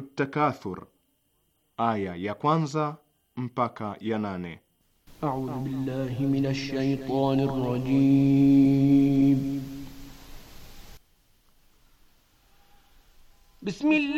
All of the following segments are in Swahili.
Suratut Takathur aya ya kwanza mpaka ya nane. A'udhu billahi minash shaitanir rajim. Bismillah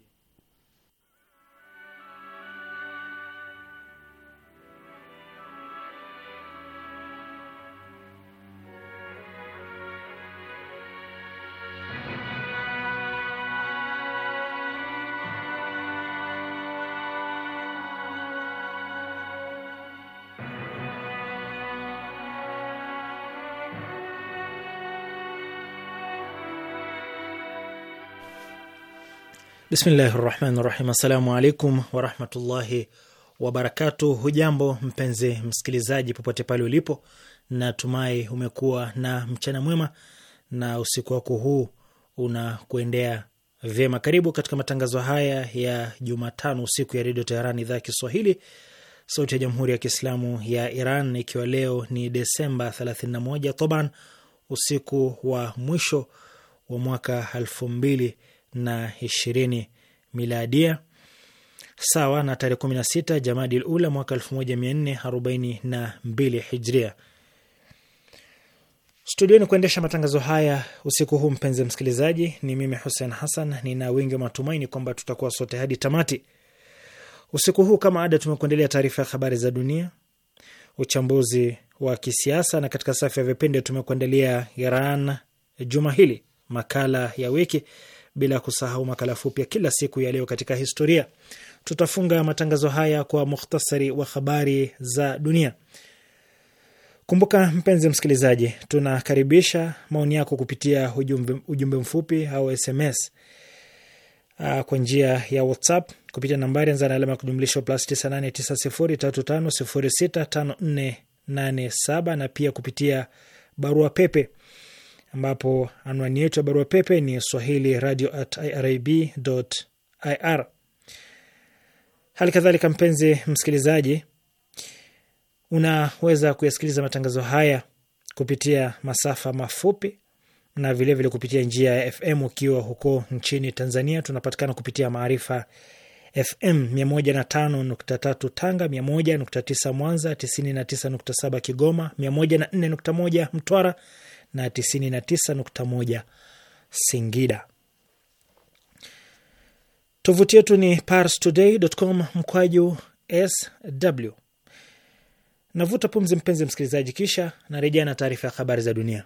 Bismillahi rahmani rahim. Assalamu alaikum warahmatullahi wabarakatuh. Hujambo mpenzi msikilizaji, popote pale ulipo, natumai umekuwa na mchana mwema na usiku wako huu una kuendea vyema. Karibu katika matangazo haya ya Jumatano usiku ya Redio Teheran, idhaa ya Kiswahili, sauti ya Jamhuri ya Kiislamu ya Iran, ikiwa leo ni Desemba 31 toban, usiku wa mwisho wa mwaka elfu mbili na ishirini miladia sawa na tarehe kumi na sita Jamadi Lula mwaka elfu moja mia nne arobaini na mbili Hijria. Studioni kuendesha matangazo haya usiku huu, mpenzi msikilizaji, ni mimi Hussein Hassan. Nina wingi wa matumaini kwamba tutakuwa sote hadi tamati usiku huu. Kama ada, tumekuendelea taarifa ya habari za dunia, uchambuzi wa kisiasa, na katika safu ya vipindi tumekuendelea Iran juma hili, makala ya wiki bila kusahau makala fupi ya kila siku ya leo katika historia. Tutafunga matangazo haya kwa mukhtasari wa habari za dunia. Kumbuka mpenzi msikilizaji, tunakaribisha maoni yako kupitia ujumbe, ujumbe mfupi au SMS uh, kwa njia ya WhatsApp kupitia nambari anza na alama ya kujumlisha plus 989035065487 na pia kupitia barua pepe ambapo anwani yetu ya barua pepe ni swahili radio at irib ir. Hali kadhalika, mpenzi msikilizaji, unaweza kuyasikiliza matangazo haya kupitia masafa mafupi na vilevile vile kupitia njia ya FM. Ukiwa huko nchini Tanzania, tunapatikana kupitia Maarifa FM 105.3 Tanga, 101.9 Mwanza, 99.7 Kigoma, 104.1 Mtwara na 99.1 Singida. Tovuti yetu ni parstoday.com mkwaju sw. Navuta pumzi mpenzi msikilizaji, kisha narejea na taarifa ya habari za dunia.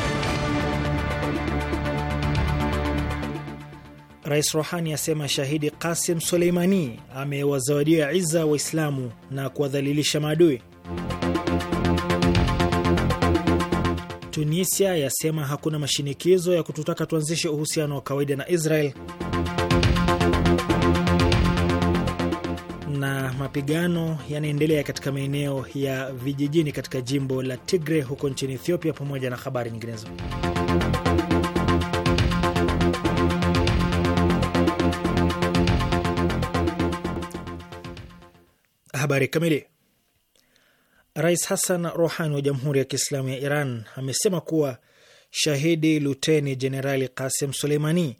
Rais Rohani asema shahidi Qasim Suleimani amewazawadia iza Waislamu na kuwadhalilisha maadui. Tunisia yasema hakuna mashinikizo ya kututaka tuanzishe uhusiano wa kawaida na Israel. Na mapigano yanaendelea katika maeneo ya vijijini katika jimbo la Tigre huko nchini Ethiopia, pamoja na habari nyinginezo. Habari kamili. Rais Hassan Rohani wa Jamhuri ya Kiislamu ya Iran amesema kuwa shahidi luteni jenerali kasim Suleimani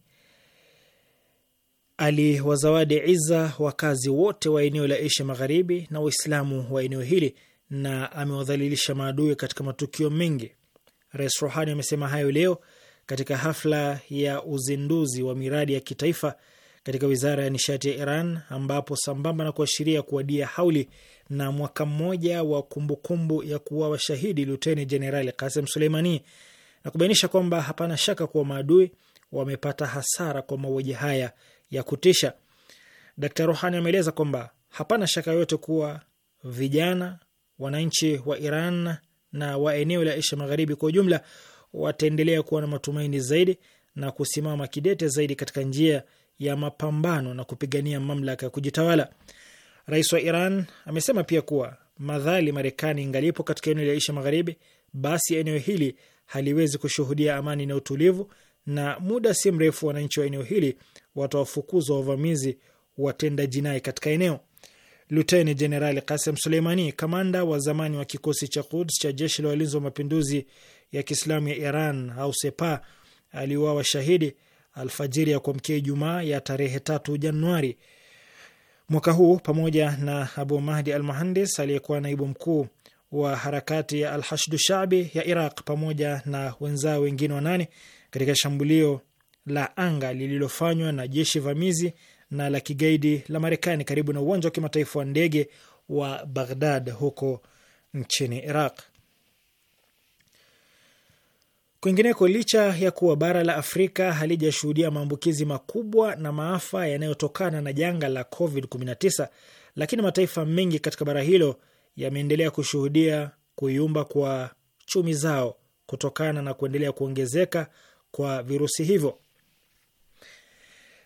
aliwazawadi iza wakazi wote wa eneo la Asia Magharibi na Waislamu wa eneo hili na amewadhalilisha maadui katika matukio mengi. Rais Rohani amesema hayo leo katika hafla ya uzinduzi wa miradi ya kitaifa katika wizara ya nishati ya Iran, ambapo sambamba na kuashiria kuwadia hauli na mwaka mmoja wa kumbukumbu kumbu ya kuuawa shahidi luteni jenerali Kasim Suleimani na kubainisha kwamba hapana shaka kuwa maadui wamepata hasara kwa mauaji haya ya kutisha. Dr Rohani ameeleza kwamba hapana shaka yote kuwa vijana wananchi wa Iran na wa eneo la Asia Magharibi kwa ujumla wataendelea kuwa na matumaini zaidi na kusimama kidete zaidi katika njia ya mapambano na kupigania mamlaka ya kujitawala. Rais wa Iran amesema pia kuwa madhali Marekani ingalipo katika eneo la Asia Magharibi, basi eneo hili haliwezi kushuhudia amani na utulivu, na muda si mrefu wananchi wa eneo hili watawafukuzwa wavamizi watenda jinai katika eneo. Luteni Jenerali Kasem Suleimani, kamanda wa zamani wa kikosi cha Quds cha jeshi la walinzi wa mapinduzi ya Kiislamu ya Iran au Sepa, aliuawa shahidi alfajiri ya kuamkia Ijumaa ya tarehe tatu Januari mwaka huu pamoja na Abu Mahdi al Muhandis aliyekuwa naibu mkuu wa harakati ya al hashdu Shabi ya Iraq pamoja na wenzao wengine wanane katika shambulio la anga lililofanywa na jeshi vamizi na la kigaidi la Marekani karibu na uwanja wa kimataifa wa ndege wa Baghdad huko nchini Iraq. Kwingineko, licha ya kuwa bara la Afrika halijashuhudia maambukizi makubwa na maafa yanayotokana na janga la COVID-19, lakini mataifa mengi katika bara hilo yameendelea kushuhudia kuyumba kwa chumi zao kutokana na kuendelea kuongezeka kwa virusi hivyo.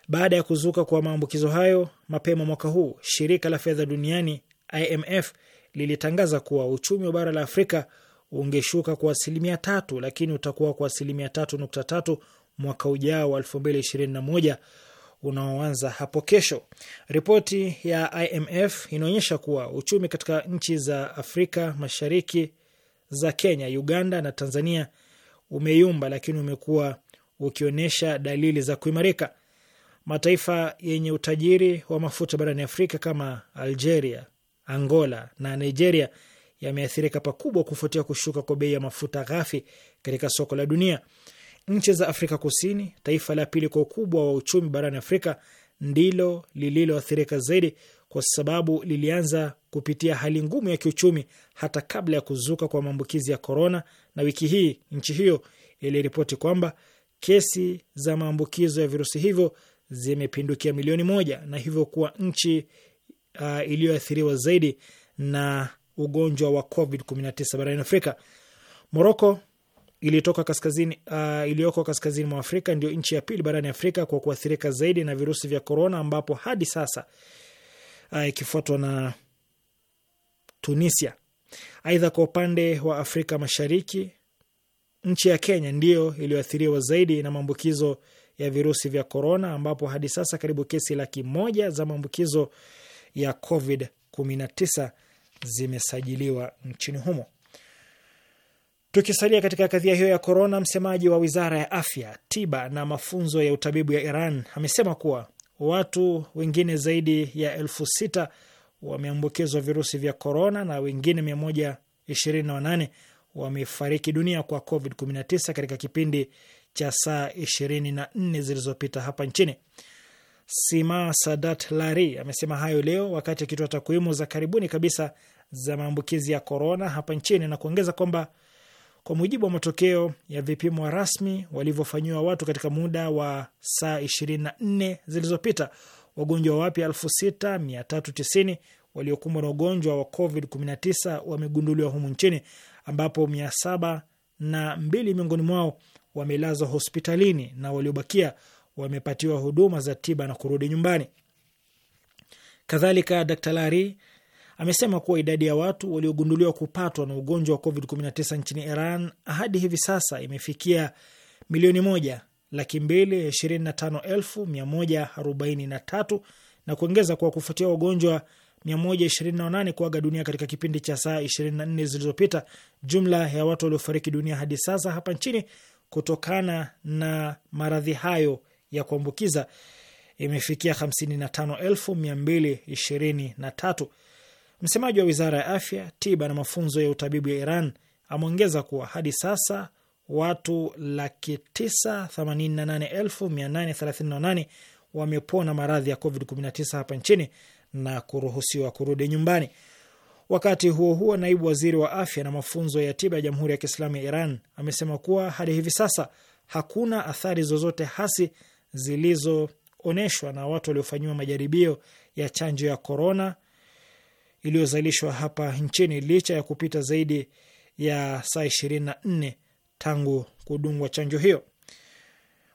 Baada ya kuzuka kwa maambukizo hayo mapema mwaka huu, shirika la fedha duniani IMF lilitangaza kuwa uchumi wa bara la Afrika ungeshuka kwa asilimia tatu, lakini utakuwa kwa asilimia tatu nukta tatu mwaka ujao wa elfu mbili ishirini na moja unaoanza hapo kesho. Ripoti ya IMF inaonyesha kuwa uchumi katika nchi za Afrika Mashariki za Kenya, Uganda na Tanzania umeyumba, lakini umekuwa ukionyesha dalili za kuimarika. Mataifa yenye utajiri wa mafuta barani Afrika kama Algeria, Angola na Nigeria yameathirika pakubwa kufuatia kushuka kwa bei ya mafuta ghafi katika soko la dunia. Nchi za Afrika Kusini, taifa la pili kwa ukubwa wa uchumi barani Afrika, ndilo lililoathirika zaidi kwa sababu lilianza kupitia hali ngumu ya kiuchumi hata kabla ya kuzuka kwa maambukizi ya korona, na wiki hii nchi hiyo iliripoti kwamba kesi za maambukizo ya virusi hivyo zimepindukia milioni moja na hivyo kuwa nchi uh, iliyoathiriwa zaidi na ugonjwa wa COVID-19 barani Afrika. Moroko iliyotoka kaskazini, uh, iliyoko kaskazini mwa Afrika ndio nchi ya pili barani Afrika kwa kuathirika zaidi na virusi vya korona, ambapo hadi sasa uh, ikifuatwa na Tunisia. Aidha, kwa upande wa Afrika Mashariki, nchi ya Kenya ndiyo iliyoathiriwa zaidi na maambukizo ya virusi vya korona, ambapo hadi sasa karibu kesi laki moja za maambukizo ya COVID 19 zimesajiliwa nchini humo. Tukisalia katika kadhia hiyo ya korona, msemaji wa wizara ya afya, tiba na mafunzo ya utabibu ya Iran amesema kuwa watu wengine zaidi ya elfu sita wameambukizwa virusi vya korona na wengine 128 wamefariki dunia kwa COVID-19 katika kipindi cha saa 24 zilizopita hapa nchini. Sima Sadat Lari amesema hayo leo wakati akitoa takwimu za karibuni kabisa za maambukizi ya korona hapa nchini na kuongeza kwamba kwa mujibu wa matokeo ya vipimo rasmi walivyofanyiwa watu katika muda wa saa 24 zilizopita, wagonjwa wapya 6390 waliokumbwa na ugonjwa wa COVID-19 wamegunduliwa humu nchini, ambapo 702 miongoni mwao wamelazwa hospitalini na waliobakia wamepatiwa huduma za tiba na kurudi nyumbani. Kadhalika, Dr Lari amesema kuwa idadi ya watu waliogunduliwa kupatwa na ugonjwa wa COVID-19 nchini Iran hadi hivi sasa imefikia milioni moja laki mbili ishirini na tano elfu mia moja arobaini na tatu na kuongeza kwa kufuatia wagonjwa 128 kuaga dunia katika kipindi cha saa 24 zilizopita. Jumla ya watu waliofariki dunia hadi sasa hapa nchini kutokana na maradhi hayo ya kuambukiza imefikia 55223. Msemaji wa wizara ya afya, tiba na mafunzo ya utabibu ya Iran ameongeza kuwa hadi sasa watu laki 988,838 wamepona maradhi ya COVID-19 hapa nchini na kuruhusiwa kurudi nyumbani. Wakati huo huo, naibu waziri wa afya na mafunzo ya tiba ya Jamhuri ya Kiislamu ya Iran amesema kuwa hadi hivi sasa hakuna athari zozote hasi zilizoonyeshwa na watu waliofanyiwa majaribio ya chanjo ya korona iliyozalishwa hapa nchini licha ya kupita zaidi ya saa ishirini na nne tangu kudungwa chanjo hiyo.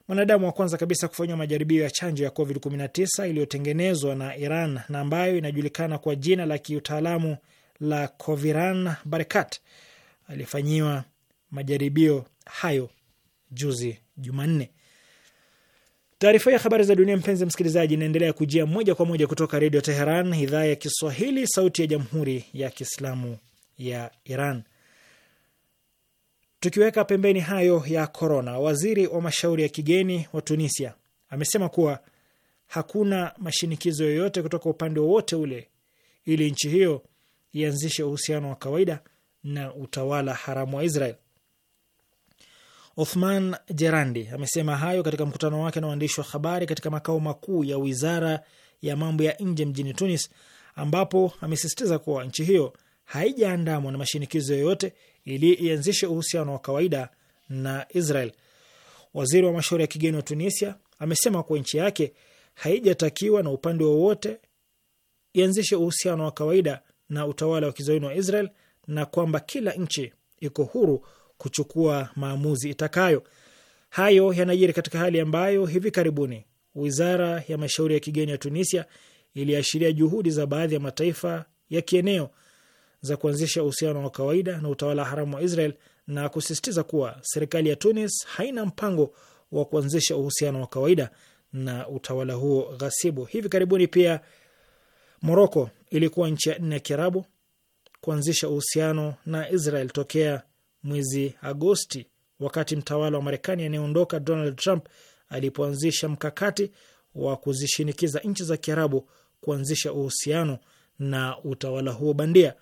Mwanadamu wa kwanza kabisa kufanyiwa majaribio ya chanjo ya COVID-19 iliyotengenezwa na Iran na ambayo inajulikana kwa jina la kiutaalamu la Coviran Barakat alifanyiwa majaribio hayo juzi Jumanne. Taarifa ya habari za dunia, mpenzi msikilizaji, inaendelea kujia moja kwa moja kutoka Redio Teheran, idhaa ya Kiswahili, sauti ya Jamhuri ya Kiislamu ya Iran. Tukiweka pembeni hayo ya korona, waziri wa mashauri ya kigeni wa Tunisia amesema kuwa hakuna mashinikizo yoyote kutoka upande wowote ule ili nchi hiyo ianzishe uhusiano wa kawaida na utawala haramu wa Israel. Othman Jerandi amesema hayo katika mkutano wake na waandishi wa habari katika makao makuu ya wizara ya mambo ya nje mjini Tunis, ambapo amesisitiza kuwa nchi hiyo haijaandamwa na mashinikizo yoyote ili ianzishe uhusiano wa kawaida na Israel. Waziri wa mashauri ya kigeni wa Tunisia amesema kuwa nchi yake haijatakiwa na upande wowote ianzishe uhusiano wa kawaida na utawala wa kizayuni wa Israel na kwamba kila nchi iko huru kuchukua maamuzi itakayo. Hayo yanajiri katika hali ambayo hivi karibuni wizara ya mashauri ya kigeni ya Tunisia iliashiria juhudi za baadhi ya mataifa ya kieneo za kuanzisha uhusiano wa kawaida na utawala haramu wa Israel na kusisitiza kuwa serikali ya Tunis haina mpango wa kuanzisha uhusiano wa kawaida na utawala huo ghasibu. Hivi karibuni pia Moroko ilikuwa nchi ya nne ya kiarabu kuanzisha uhusiano na Israel tokea mwezi Agosti, wakati mtawala wa Marekani anayeondoka Donald Trump alipoanzisha mkakati wa kuzishinikiza nchi za Kiarabu kuanzisha uhusiano na utawala huo bandia.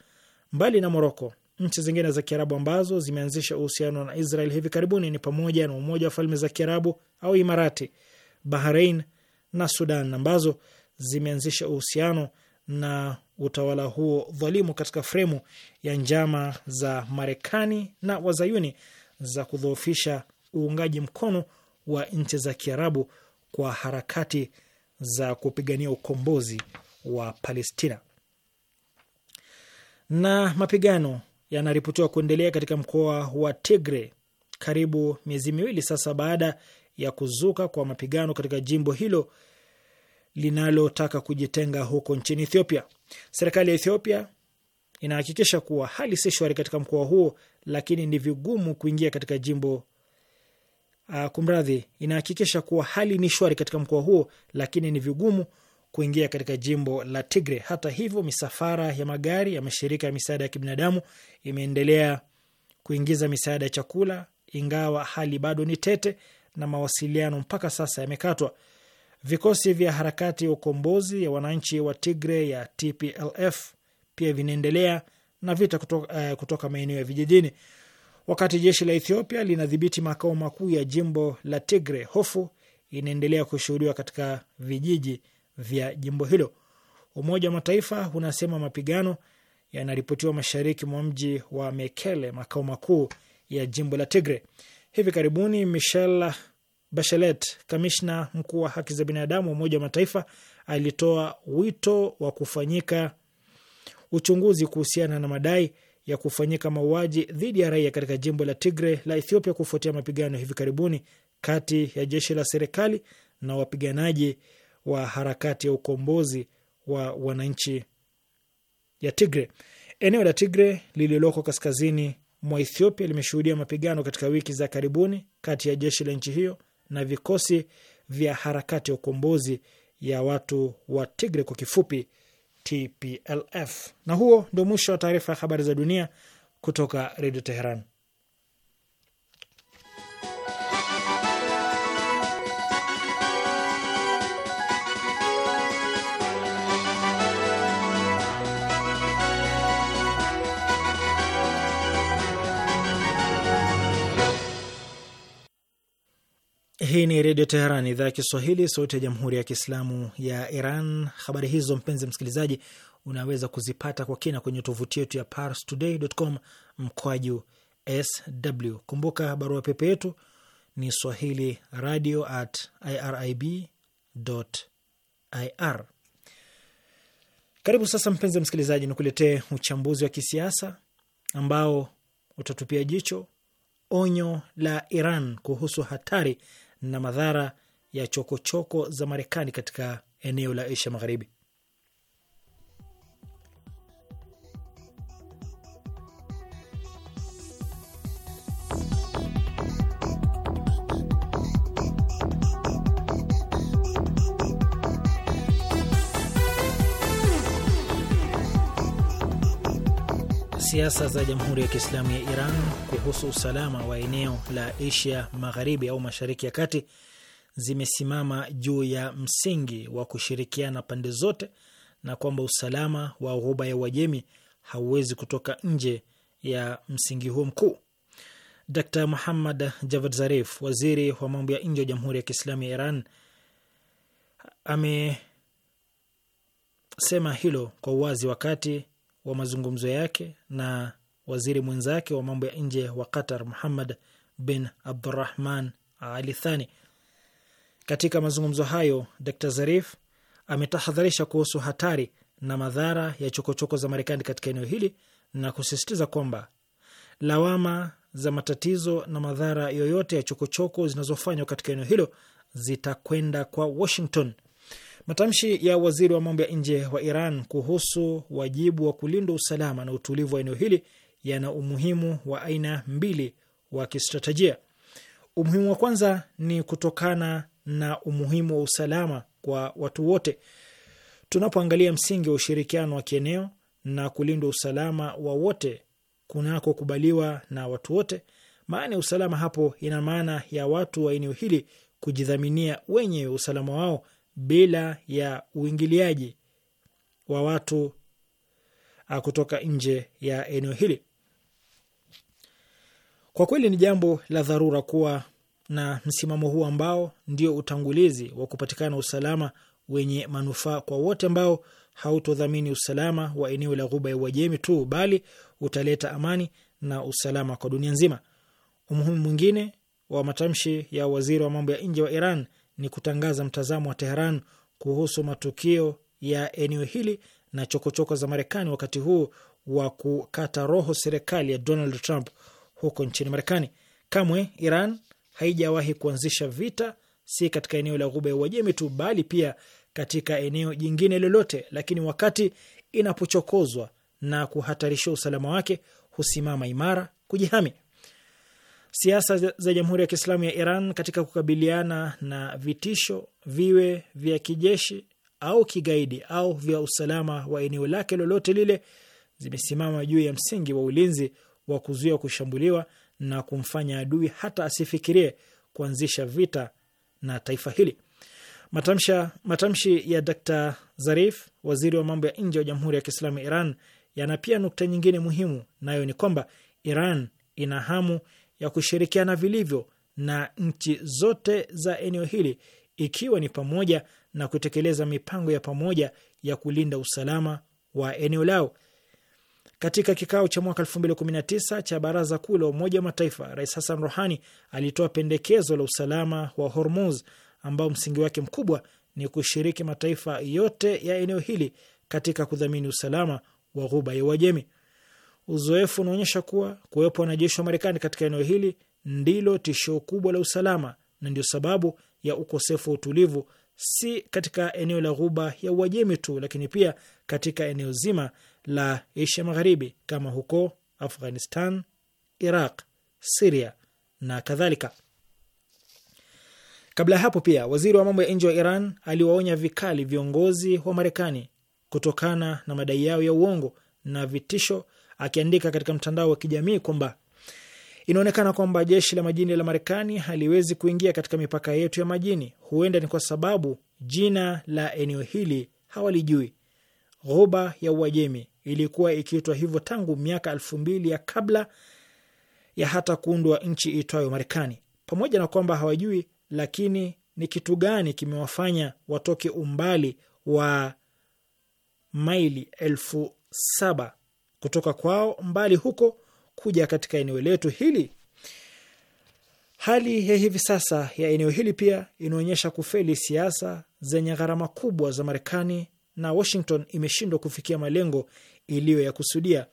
Mbali na Moroko, nchi zingine za Kiarabu ambazo zimeanzisha uhusiano na Israel hivi karibuni ni pamoja na Umoja wa Falme za Kiarabu au Imarati, Bahrain na Sudan ambazo zimeanzisha uhusiano na utawala huo dhalimu katika fremu ya njama za Marekani na wazayuni za kudhoofisha uungaji mkono wa nchi za Kiarabu kwa harakati za kupigania ukombozi wa Palestina. Na mapigano yanaripotiwa kuendelea katika mkoa wa Tigre karibu miezi miwili sasa baada ya kuzuka kwa mapigano katika jimbo hilo linalotaka kujitenga huko nchini Ethiopia. Serikali ya Ethiopia inahakikisha kuwa hali si shwari katika mkoa huo, lakini ni vigumu kuingia katika jimbo uh, kumradhi, inahakikisha kuwa hali ni shwari katika mkoa huo, lakini ni vigumu kuingia katika jimbo la Tigre. Hata hivyo, misafara ya magari ya mashirika ya misaada ya kibinadamu imeendelea kuingiza misaada ya chakula, ingawa hali bado ni tete na mawasiliano mpaka sasa yamekatwa. Vikosi vya harakati ya ukombozi ya wananchi wa Tigre ya TPLF pia vinaendelea na vita kutoka, uh, kutoka maeneo ya vijijini. Wakati jeshi la Ethiopia linadhibiti makao makuu ya jimbo la Tigre, hofu inaendelea kushuhudiwa katika vijiji vya jimbo hilo. Umoja wa Mataifa unasema mapigano yanaripotiwa mashariki mwa mji wa Mekele, makao makuu ya jimbo la Tigre. Hivi karibuni Michel Bachelet, kamishna mkuu wa haki za binadamu wa Umoja wa Mataifa, alitoa wito wa kufanyika uchunguzi kuhusiana na madai ya kufanyika mauaji dhidi ya raia katika jimbo la Tigre la Ethiopia kufuatia mapigano hivi karibuni kati ya jeshi la serikali na wapiganaji wa harakati ya ukombozi wa wananchi ya Tigre. Eneo la Tigre lililoko kaskazini mwa Ethiopia limeshuhudia mapigano katika wiki za karibuni kati ya jeshi la nchi hiyo na vikosi vya harakati ya ukombozi ya watu wa Tigre kwa kifupi TPLF. Na huo ndio mwisho wa taarifa ya habari za dunia kutoka Redio Teheran. Hii ni Redio Teheran, idhaa ya Kiswahili, sauti ya Jamhuri ya Kiislamu ya Iran. Habari hizo mpenzi msikilizaji, unaweza kuzipata kwa kina kwenye tovuti yetu ya parstoday.com mkwaju sw. Kumbuka barua pepe yetu ni swahili radio at irib ir. Karibu sasa, mpenzi msikilizaji, nikuletee uchambuzi wa kisiasa ambao utatupia jicho onyo la Iran kuhusu hatari na madhara ya chokochoko choko za Marekani katika eneo la Asia Magharibi. siasa za Jamhuri ya Kiislamu ya Iran kuhusu usalama wa eneo la Asia Magharibi au Mashariki ya Kati zimesimama juu ya msingi wa kushirikiana pande zote na kwamba usalama wa Ghuba ya Uajemi hauwezi kutoka nje ya msingi huo mkuu. Dr Muhammad Javad Zarif, waziri wa mambo ya nje wa Jamhuri ya Kiislamu ya Iran, amesema hilo kwa uwazi wakati wa mazungumzo yake na waziri mwenzake wa mambo ya nje wa Qatar Muhammad bin Abdurahman Ali Thani. Katika mazungumzo hayo, Dr Zarif ametahadharisha kuhusu hatari na madhara ya chokochoko -choko za Marekani katika eneo hili na kusisitiza kwamba lawama za matatizo na madhara yoyote ya chokochoko zinazofanywa katika eneo hilo zitakwenda kwa Washington. Matamshi ya waziri wa mambo ya nje wa Iran kuhusu wajibu wa kulinda usalama na utulivu wa eneo hili yana umuhimu wa aina mbili wa kistratejia. Umuhimu wa kwanza ni kutokana na umuhimu wa usalama kwa watu wote. Tunapoangalia msingi wa ushirikiano wa kieneo na kulinda usalama wa wote kunakokubaliwa na watu wote, maana ya usalama hapo ina maana ya watu wa eneo hili kujidhaminia wenyewe usalama wao bila ya uingiliaji wa watu ah, kutoka nje ya eneo hili. Kwa kweli ni jambo la dharura kuwa na msimamo huu ambao ndio utangulizi wa kupatikana usalama wenye manufaa kwa wote, ambao hautodhamini usalama wa eneo la Ghuba ya Uajemi tu bali utaleta amani na usalama kwa dunia nzima. Umuhimu mwingine wa matamshi ya waziri wa mambo ya nje wa Iran ni kutangaza mtazamo wa Teheran kuhusu matukio ya eneo hili na chokochoko -choko za Marekani wakati huu wa kukata roho serikali ya Donald Trump huko nchini Marekani. Kamwe Iran haijawahi kuanzisha vita, si katika eneo la Ghuba ya Uajemi tu, bali pia katika eneo jingine lolote, lakini wakati inapochokozwa na kuhatarisha usalama wake husimama imara kujihami siasa za Jamhuri ya Kiislamu ya Iran katika kukabiliana na vitisho viwe vya kijeshi au kigaidi au vya usalama wa eneo lake lolote lile zimesimama juu ya msingi wa ulinzi wa kuzuia kushambuliwa na kumfanya adui hata asifikirie kuanzisha vita na taifa hili. Matamsha, matamshi ya Dr. Zarif, waziri wa mambo ya nje wa Jamhuri ya Kiislamu ya Iran, yana pia nukta nyingine muhimu, nayo ni kwamba Iran ina hamu ya kushirikiana vilivyo na nchi zote za eneo hili ikiwa ni pamoja na kutekeleza mipango ya pamoja ya kulinda usalama wa eneo lao. Katika kikao cha mwaka 2019 cha Baraza Kuu la Umoja wa Mataifa, Rais Hassan Rohani alitoa pendekezo la usalama wa Hormuz ambao msingi wake mkubwa ni kushiriki mataifa yote ya eneo hili katika kudhamini usalama wa Ghuba ya Uajemi. Uzoefu unaonyesha kuwa kuwepo wanajeshi wa Marekani katika eneo hili ndilo tishio kubwa la usalama na ndio sababu ya ukosefu wa utulivu, si katika eneo la Ghuba ya Uajemi tu, lakini pia katika eneo zima la Asia Magharibi kama huko Afghanistan, Iraq, Siria na kadhalika. Kabla ya hapo pia waziri wa mambo ya nje wa Iran aliwaonya vikali viongozi wa Marekani kutokana na madai yao ya uongo na vitisho akiandika katika mtandao wa kijamii kwamba inaonekana kwamba jeshi la majini la Marekani haliwezi kuingia katika mipaka yetu ya majini. Huenda ni kwa sababu jina la eneo hili hawalijui. Ghuba ya Uajemi ilikuwa ikiitwa hivyo tangu miaka elfu mbili ya kabla ya hata kuundwa nchi iitwayo Marekani. Pamoja na kwamba hawajui, lakini ni kitu gani kimewafanya watoke umbali wa maili elfu saba kutoka kwao mbali huko kuja katika eneo letu hili. Hali ya hivi sasa ya eneo hili pia inaonyesha kufeli siasa zenye gharama kubwa za Marekani na Washington imeshindwa kufikia malengo iliyo ya kusudia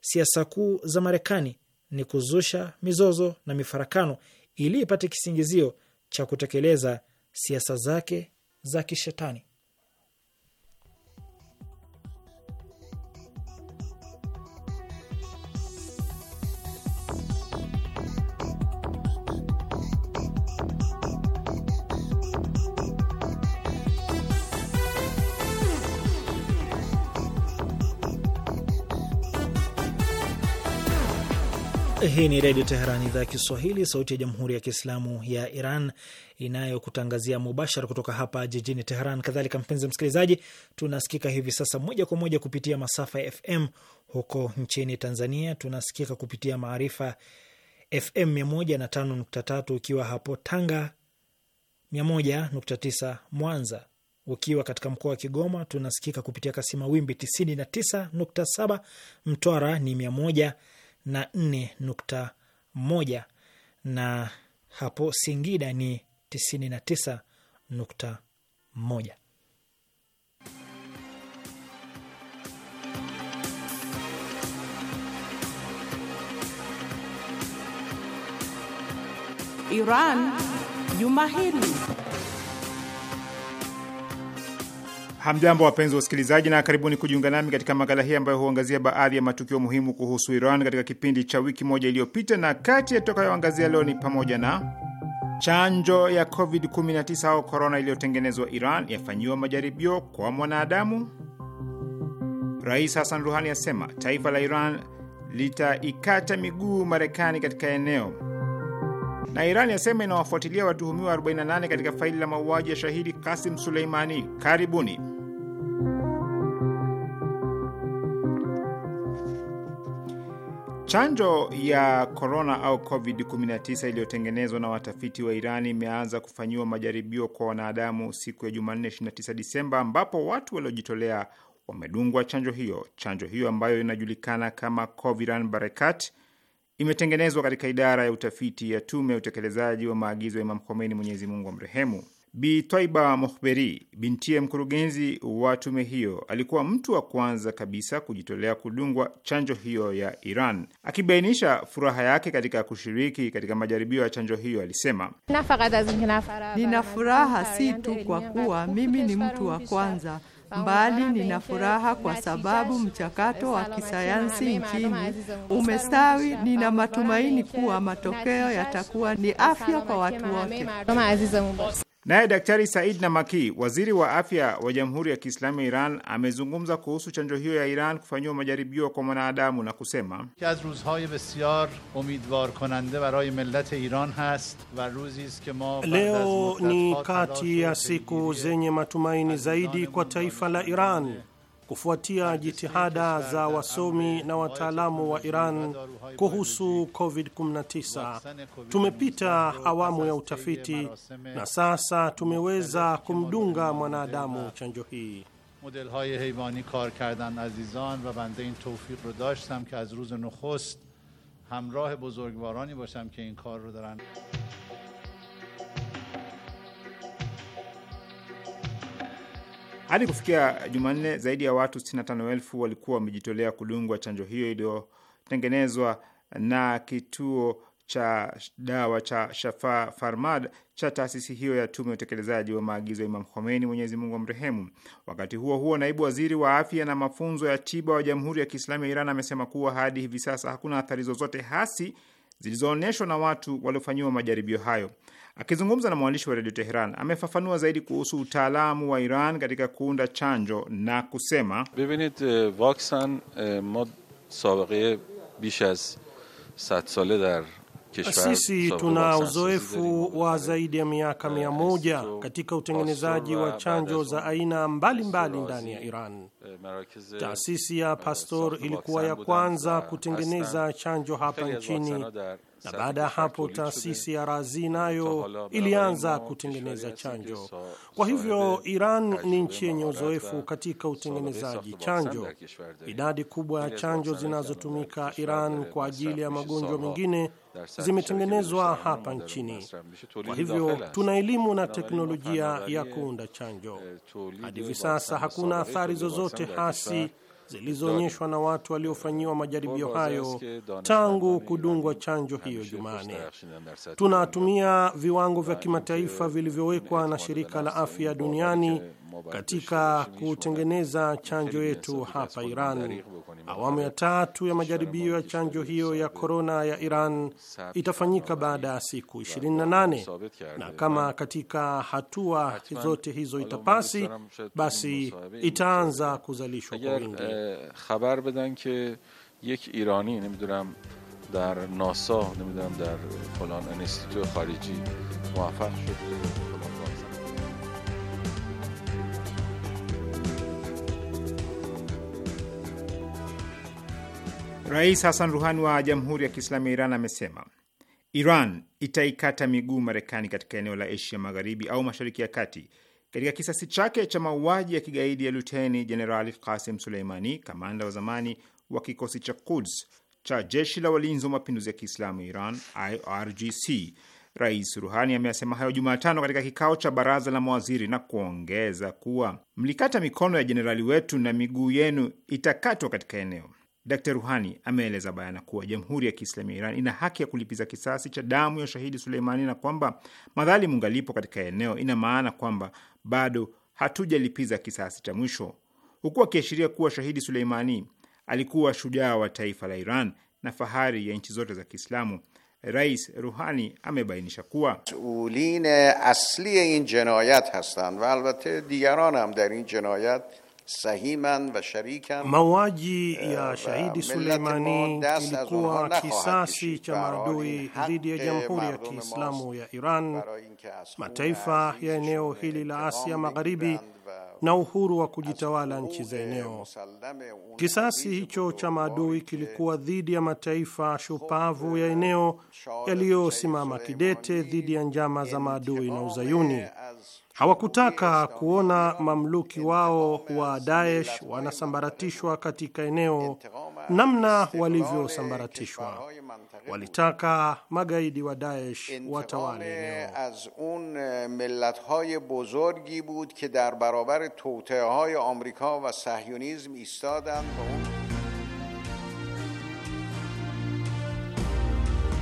Siasa kuu za Marekani ni kuzusha mizozo na mifarakano ili ipate kisingizio cha kutekeleza siasa zake za kishetani. Hii ni Redio Teheran, idhaa ya Kiswahili, sauti ya Jamhuri ya Kiislamu ya Iran inayokutangazia mubashara kutoka hapa jijini Teheran. Kadhalika mpenzi msikilizaji, tunasikika hivi sasa moja kwa moja kupitia masafa ya FM. Huko nchini Tanzania tunasikika kupitia Maarifa FM mia ukiwa hapo Tanga, 19 Mwanza. Ukiwa katika mkoa wa Kigoma tunasikika kupitia kasima wimbi 99.7, Mtwara ni na nne nukta moja na hapo Singida ni tisini na tisa nukta moja. Iran juma hili Hamjambo, wapenzi wa usikilizaji, na karibuni kujiunga nami katika makala hii ambayo huangazia baadhi ya matukio muhimu kuhusu Iran katika kipindi cha wiki moja iliyopita, na kati ya tutakayoangazia leo ni pamoja na chanjo ya COVID-19 au korona iliyotengenezwa Iran yafanyiwa majaribio kwa mwanadamu. Rais Hassan Ruhani asema taifa la Iran litaikata miguu Marekani katika eneo na Iran yasema inawafuatilia watuhumiwa 48 katika faili la mauaji ya shahidi Kasim Suleimani. Karibuni. Chanjo ya korona au COVID-19 iliyotengenezwa na watafiti wa Irani imeanza kufanyiwa majaribio kwa wanadamu siku ya Jumanne 29 Disemba, ambapo watu waliojitolea wamedungwa chanjo hiyo. Chanjo hiyo ambayo inajulikana kama Coviran Barekat imetengenezwa katika idara ya utafiti ya tume ya utekelezaji wa maagizo ya Imam Khomeini, Mwenyezi Mungu amrehemu. Bi Twaiba Mohberi, bintiye mkurugenzi wa tume hiyo, alikuwa mtu wa kwanza kabisa kujitolea kudungwa chanjo hiyo ya Iran. Akibainisha furaha yake katika kushiriki katika majaribio ya chanjo hiyo, alisema nina furaha si tu kwa kuwa mimi ni mtu wa kwanza mbali nina furaha kwa sababu mchakato wa kisayansi nchini umestawi. Nina matumaini kuwa matokeo yatakuwa ni afya kwa watu wote. Naye Daktari Said Namaki, waziri wa afya wa Jamhuri ya Kiislamu ya Iran, amezungumza kuhusu chanjo hiyo ya Iran kufanyiwa majaribio kwa mwanadamu na kusema, leo ni kati ya siku zenye matumaini zaidi kwa taifa la Iran kufuatia jitihada za wasomi na wataalamu wa Iran kuhusu COVID-19, tumepita awamu ya utafiti na sasa tumeweza kumdunga mwanadamu chanjo hii. hamrah bozorgvarani ke in kar ro daran Hadi kufikia Jumanne, zaidi ya watu 65,000 walikuwa wamejitolea kudungwa chanjo hiyo iliyotengenezwa na kituo cha dawa cha Shafa Farmad cha taasisi hiyo ya tume ya utekelezaji wa maagizo ya Imam Khomeini, Mwenyezi Mungu amrehemu. Wakati huo huo, naibu waziri wa afya na mafunzo ya tiba wa Jamhuri ya Kiislamu ya Iran amesema kuwa hadi hivi sasa hakuna athari zozote hasi zilizoonyeshwa na watu waliofanyiwa majaribio hayo. Akizungumza na mwandishi wa redio Teheran, amefafanua zaidi kuhusu utaalamu wa Iran katika kuunda chanjo na kusema, bevinid vaksan bish az sad sale dar sisi tuna uzoefu wa zaidi ya miaka eh, mia eh, moja katika utengenezaji wa chanjo za aina mbalimbali ndani ya Iran. Eh, Taasisi ya Pasteur ilikuwa ya kwanza kutengeneza chanjo hapa nchini na baada ya hapo taasisi ya Razi nayo ilianza kutengeneza chanjo. Kwa hivyo Iran ni nchi yenye uzoefu katika utengenezaji chanjo. Idadi kubwa ya chanjo zinazotumika Iran kwa ajili ya magonjwa mengine zimetengenezwa hapa nchini. Kwa hivyo tuna elimu na teknolojia ya kuunda chanjo. Hadi hivi sasa hakuna athari zozote hasi zilizoonyeshwa na watu waliofanyiwa majaribio hayo tangu kudungwa chanjo hiyo jumane Tunatumia viwango vya kimataifa vilivyowekwa na shirika la afya duniani katika kutengeneza chanjo yetu hapa Iran. Awamu ya tatu ya majaribio ya chanjo hiyo ya korona ya Iran itafanyika baada ya siku 28 na kama katika hatua zote hizo itapasi, basi itaanza kuzalishwa kwa wingi. Eh, khabar bedan ke yek irani dar nasa dar falan institut khariji shud Rais Hassan Ruhani wa Jamhuri ya Kiislamu ya Iran amesema Iran itaikata miguu Marekani katika eneo la Asia Magharibi au Mashariki ya Kati katika kisasi chake cha mauaji ya kigaidi ya Luteni Jenerali Kasim Suleimani, kamanda wa zamani wa kikosi cha Quds cha jeshi la walinzi wa mapinduzi ya Kiislamu Iran, IRGC. Rais Ruhani ameyasema hayo Jumatano katika kikao cha baraza la mawaziri na kuongeza kuwa mlikata mikono ya jenerali wetu na miguu yenu itakatwa katika eneo dr Ruhani ameeleza bayana kuwa Jamhuri ya Kiislamu ya Iran ina haki ya kulipiza kisasi cha damu ya shahidi Suleimani na kwamba madhali mungalipo katika eneo, ina maana kwamba bado hatujalipiza kisasi cha mwisho, huku akiashiria kuwa shahidi Suleimani alikuwa shujaa wa taifa la Iran na fahari ya nchi zote za Kiislamu. Rais Ruhani amebainisha kuwa masuline asli in jinayat hastan va albatte digaran ham dar in jinayat Mauaji eh, ya shahidi Suleimani kilikuwa kisasi cha maadui dhidi ya jamhuri ya Kiislamu ya Iran, mataifa ya eneo hili la Asia Magharibi na uhuru wa kujitawala nchi za eneo. Kisasi hicho cha maadui kilikuwa dhidi ya mataifa shupavu ya eneo yaliyosimama kidete dhidi ya njama za maadui na Uzayuni. Hawakutaka kuona mamluki wao wa Daesh wanasambaratishwa katika eneo namna walivyosambaratishwa. Walitaka magaidi wa Daesh watawale un eh,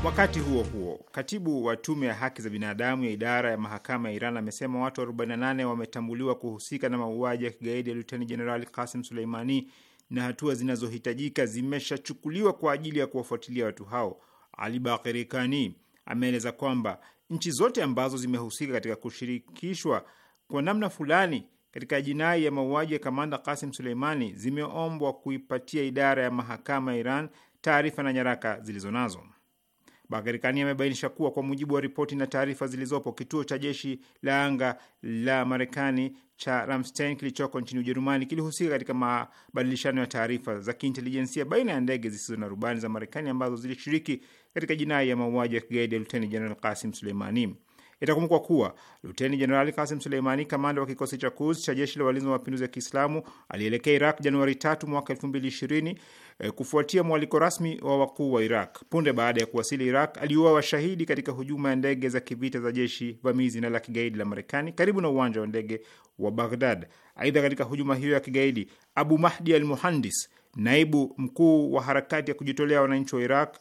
Wakati huo huo, katibu wa tume ya haki za binadamu ya idara ya mahakama ya Iran amesema watu 48 wametambuliwa kuhusika na mauaji ya kigaidi ya luteni jenerali Kasim Suleimani na hatua zinazohitajika zimeshachukuliwa kwa ajili ya kuwafuatilia watu hao. Ali Bakiri Kani ameeleza kwamba nchi zote ambazo zimehusika katika kushirikishwa kwa namna fulani katika jinai ya mauaji ya kamanda Kasim Suleimani zimeombwa kuipatia idara ya mahakama ya Iran taarifa na nyaraka zilizo nazo. Bagherikani amebainisha kuwa kwa mujibu wa ripoti na taarifa zilizopo, kituo cha jeshi la anga la Marekani cha Ramstein kilichoko nchini Ujerumani kilihusika katika mabadilishano ya taarifa za kiintelijensia baina ya ndege zisizo na rubani za Marekani ambazo zilishiriki katika jinai ya mauaji ya kigaidi ya Luteni jeneral Kasim Suleimani. Itakumbukwa kuwa Luteni Jenerali Kasim Suleimani, kamanda wa kikosi cha kuz cha jeshi la walinzi wa mapinduzi ya Kiislamu, alielekea Iraq Januari 3 mwaka elfu ishirini eh, kufuatia mwaliko rasmi wa wakuu wa Iraq. Punde baada ya kuwasili Iraq, aliuawa washahidi katika hujuma ya ndege za kivita za jeshi vamizi na la kigaidi la Marekani karibu na uwanja wa ndege wa Baghdad. Aidha, katika hujuma hiyo ya kigaidi, Abu Mahdi al Muhandis, naibu mkuu wa harakati ya kujitolea wananchi wa Iraq,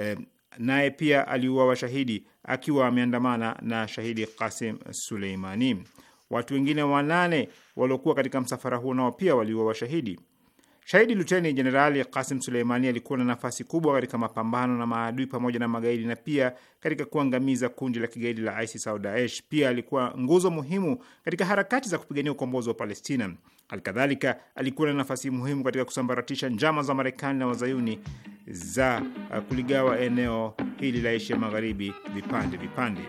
eh, naye pia aliuawa shahidi akiwa ameandamana na shahidi Kasim Suleimani. Watu wengine wanane waliokuwa katika msafara huo nao pia waliuawa shahidi. Shahidi Luteni Jenerali Kasim Suleimani alikuwa na nafasi kubwa katika mapambano na maadui pamoja na magaidi na pia katika kuangamiza kundi la kigaidi la ISIS au Daesh. Pia alikuwa nguzo muhimu katika harakati za kupigania ukombozi wa Palestina kadhalika alikuwa na nafasi muhimu katika kusambaratisha njama za Marekani na wazayuni za uh, kuligawa eneo hili la Asia Magharibi vipande vipande.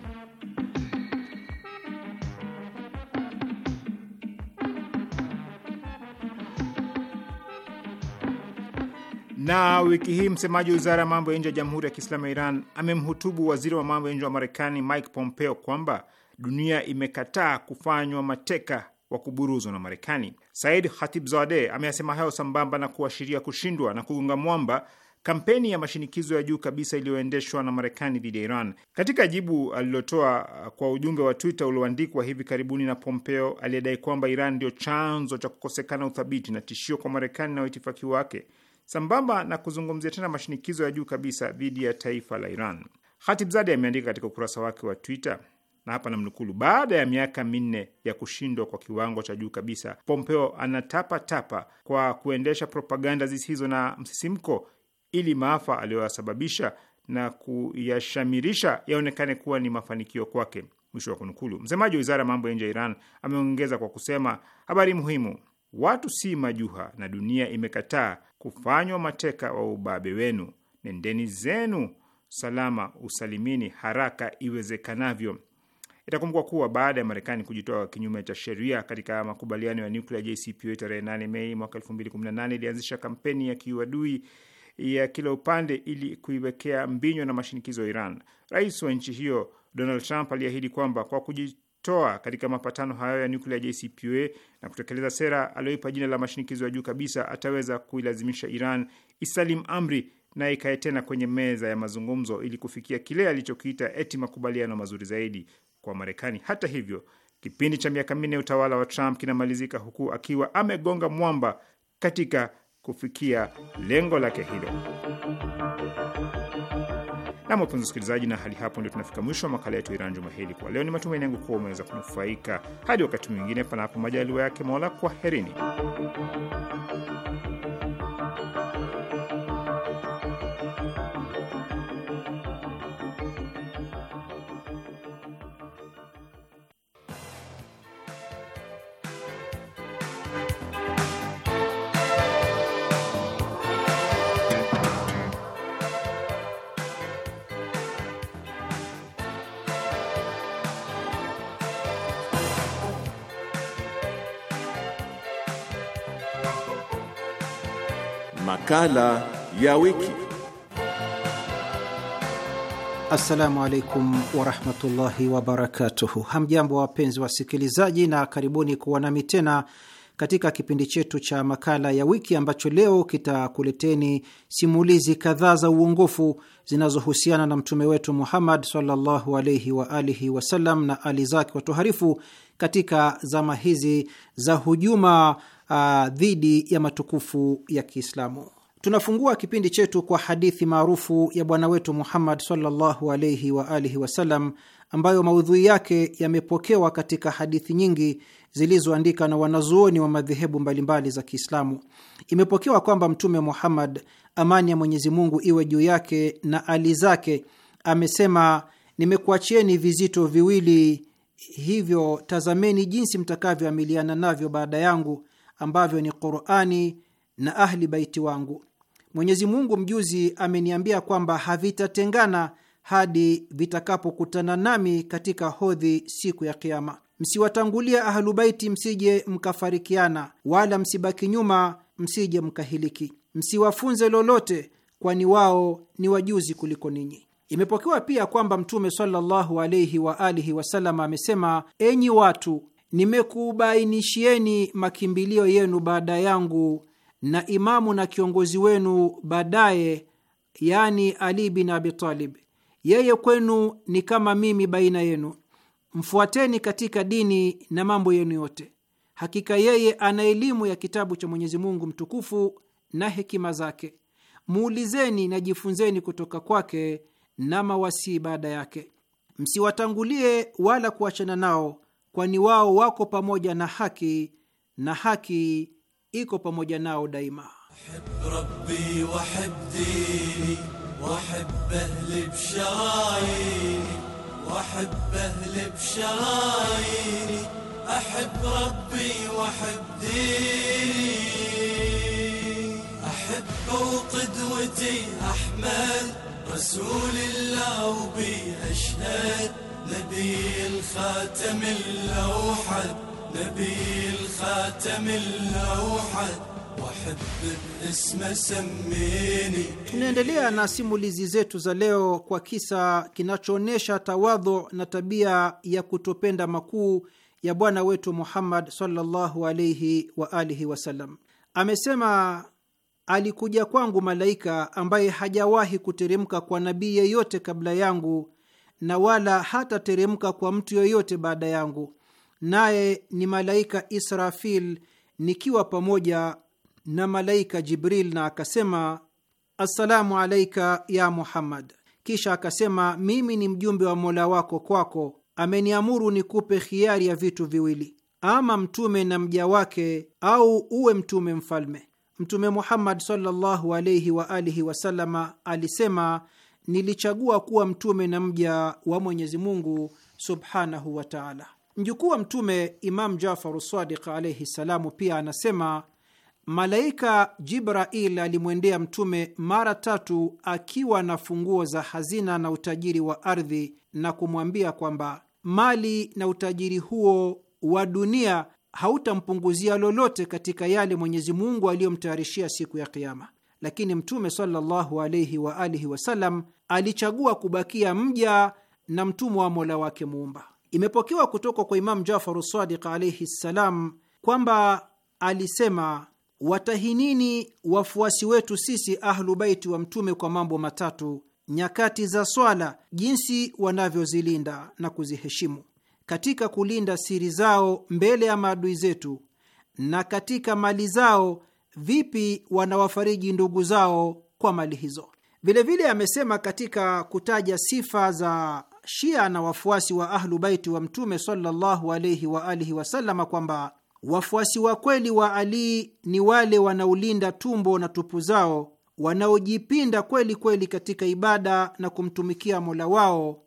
Na wiki hii msemaji wa wizara ya mambo ya nje ya Jamhuri ya Kiislamu ya Iran amemhutubu waziri wa mambo ya nje wa Marekani Mike Pompeo kwamba dunia imekataa kufanywa mateka wa kuburuzwa na Marekani. Said Khatibzadeh ameyasema hayo sambamba na kuashiria kushindwa na kugonga mwamba kampeni ya mashinikizo ya juu kabisa iliyoendeshwa na Marekani dhidi ya Iran. Katika jibu alilotoa uh, kwa ujumbe wa Twitter ulioandikwa hivi karibuni na Pompeo aliyedai kwamba Iran ndio chanzo cha kukosekana uthabiti na tishio kwa Marekani na waitifaki wake, sambamba na kuzungumzia tena mashinikizo ya juu kabisa dhidi ya taifa la Iran, Khatibzadeh ameandika katika ukurasa wake wa Twitter: na hapa namnukulu, baada ya miaka minne ya kushindwa kwa kiwango cha juu kabisa, Pompeo anatapatapa kwa kuendesha propaganda zisizo na msisimko ili maafa aliyoyasababisha na kuyashamirisha yaonekane kuwa ni mafanikio kwake. Mwisho wa kunukulu. Msemaji wa wizara ya mambo ya nje ya Iran ameongeza kwa kusema, habari muhimu, watu si majuha na dunia imekataa kufanywa mateka wa ubabe wenu. Nendeni zenu salama usalimini haraka iwezekanavyo. Itakumbukwa kuwa baada ya Marekani kujitoa kinyume cha sheria katika makubaliano ya nuklia JCPOA e tarehe 8 Mei mwaka 2018 ilianzisha kampeni ya kiuadui ya kila upande ili kuiwekea mbinywa na mashinikizo ya Iran. Rais wa nchi hiyo Donald Trump aliahidi kwamba kwa kujitoa katika mapatano hayo ya nuklia JCPOA e, na kutekeleza sera aliyoipa jina la mashinikizo ya juu kabisa, ataweza kuilazimisha Iran isalim amri na ikae tena kwenye meza ya mazungumzo ili kufikia kile alichokiita eti makubaliano mazuri zaidi kwa Marekani. Hata hivyo, kipindi cha miaka minne utawala wa Trump kinamalizika huku akiwa amegonga mwamba katika kufikia lengo lake hilo. Nam, usikilizaji na hali hapo ndio tunafika mwisho wa makala yetu Iran juma hili kwa leo. Ni matumaini yangu kuwa umeweza kunufaika. Hadi wakati mwingine, panapo majaliwa yake Mola, kwaherini. Makala ya wiki. Assalamu alaikum warahmatullahi wabarakatuhu. Hamjambo wapenzi wasikilizaji, na karibuni kuwa nami tena katika kipindi chetu cha makala ya wiki ambacho leo kitakuleteni simulizi kadhaa za uongofu zinazohusiana na mtume wetu Muhammad sallallahu alaihi wa alihi wasallam na ali zake watoharifu katika zama hizi za hujuma uh, dhidi ya matukufu ya Kiislamu. Tunafungua kipindi chetu kwa hadithi maarufu ya bwana wetu Muhammad sallallahu alaihi wa alihi wasallam ambayo maudhui yake yamepokewa katika hadithi nyingi zilizoandika na wanazuoni wa madhehebu mbalimbali za Kiislamu. Imepokewa kwamba Mtume Muhammad, amani ya Mwenyezi Mungu iwe juu yake na ali zake, amesema, nimekuachieni vizito viwili, hivyo tazameni jinsi mtakavyoamiliana navyo baada yangu, ambavyo ni Qurani na ahli baiti wangu. Mwenyezi Mungu mjuzi ameniambia kwamba havitatengana hadi vitakapokutana nami katika hodhi siku ya Kiama. Msiwatangulia Ahalubaiti msije mkafarikiana, wala msibaki nyuma msije mkahiliki. Msiwafunze lolote, kwani wao ni wajuzi kuliko ninyi. Imepokewa pia kwamba Mtume sallallahu alaihi wa alihi wasallam amesema, enyi watu, nimekubainishieni makimbilio yenu baada yangu na imamu na kiongozi wenu baadaye, yani Ali bin Abi Talib. Yeye kwenu ni kama mimi baina yenu. Mfuateni katika dini na mambo yenu yote. Hakika yeye ana elimu ya kitabu cha Mwenyezi Mungu mtukufu na hekima zake. Muulizeni na jifunzeni kutoka kwake na mawasii baada yake. Msiwatangulie wala kuachana nao, kwani wao wako pamoja na haki na haki iko pamoja nao daima. Nabii al-Khatam al-Awhad نبي الخاتم وحب سميني. Tunaendelea na simulizi zetu za leo kwa kisa kinachoonyesha tawadhu na tabia ya kutopenda makuu ya bwana wetu Muhammad sallallahu wa alihi wasallam. Amesema, alikuja kwangu malaika ambaye hajawahi kuteremka kwa nabii yeyote kabla yangu na wala hatateremka kwa mtu yeyote baada yangu naye ni malaika Israfil nikiwa pamoja na malaika Jibril, na akasema assalamu alaika ya Muhammad. Kisha akasema mimi ni mjumbe wa mola wako kwako, ameniamuru nikupe khiari ya vitu viwili, ama mtume na mja wake, au uwe mtume mfalme. Mtume Muhammad sallallahu alaihi wa alihi wasallama alisema, nilichagua kuwa mtume na mja wa Mwenyezi Mungu subhanahu wa taala. Mjukuu wa Mtume Imam Jafaru Sadiq alaihi ssalamu pia anasema malaika Jibrail alimwendea Mtume mara tatu akiwa na funguo za hazina na utajiri wa ardhi na kumwambia kwamba mali na utajiri huo wa dunia hautampunguzia lolote katika yale Mwenyezi Mungu aliyomtayarishia siku ya Kiama, lakini Mtume sallallahu alaihi wa alihi wasallam alichagua kubakia mja na mtumwa wa mola wake Muumba. Imepokewa kutoka kwa Imamu Jafaru Sadiq alaihi ssalam kwamba alisema, watahinini wafuasi wetu sisi Ahlu Baiti wa Mtume kwa mambo matatu: nyakati za swala, jinsi wanavyozilinda na kuziheshimu, katika kulinda siri zao mbele ya maadui zetu, na katika mali zao, vipi wanawafariji ndugu zao kwa mali hizo. Vilevile amesema katika kutaja sifa za Shia na wafuasi wa Ahlu Baiti wa Mtume sallallahu alaihi wa alihi wasallama kwamba wafuasi wa kweli wa Ali ni wale wanaolinda tumbo na tupu zao, wanaojipinda kweli kweli katika ibada na kumtumikia Mola wao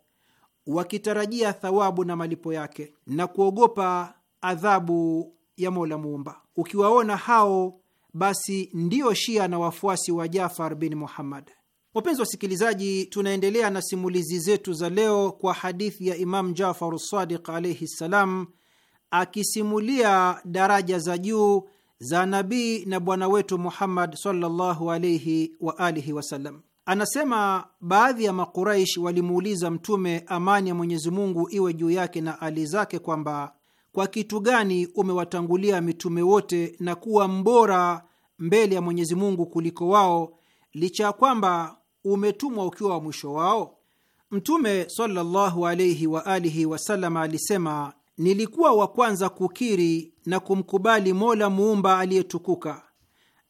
wakitarajia thawabu na malipo yake na kuogopa adhabu ya Mola Muumba. Ukiwaona hao, basi ndio Shia na wafuasi wa Jafar bin Muhammad. Wapenzi wasikilizaji, tunaendelea na simulizi zetu za leo kwa hadithi ya Imamu jafaru Sadiq alaihi ssalam, akisimulia daraja za juu za nabii na bwana wetu Muhammad sallallahu alaihi wa alihi wasallam. Anasema baadhi ya Makuraish walimuuliza Mtume, amani ya Mwenyezi Mungu iwe juu yake na ali zake, kwamba kwa kitu gani umewatangulia mitume wote na kuwa mbora mbele ya Mwenyezi Mungu kuliko wao, licha ya kwamba umetumwa ukiwa wa mwisho wao? Mtume sallallahu wa alihi wasallam alisema, nilikuwa wa kwanza kukiri na kumkubali Mola muumba aliyetukuka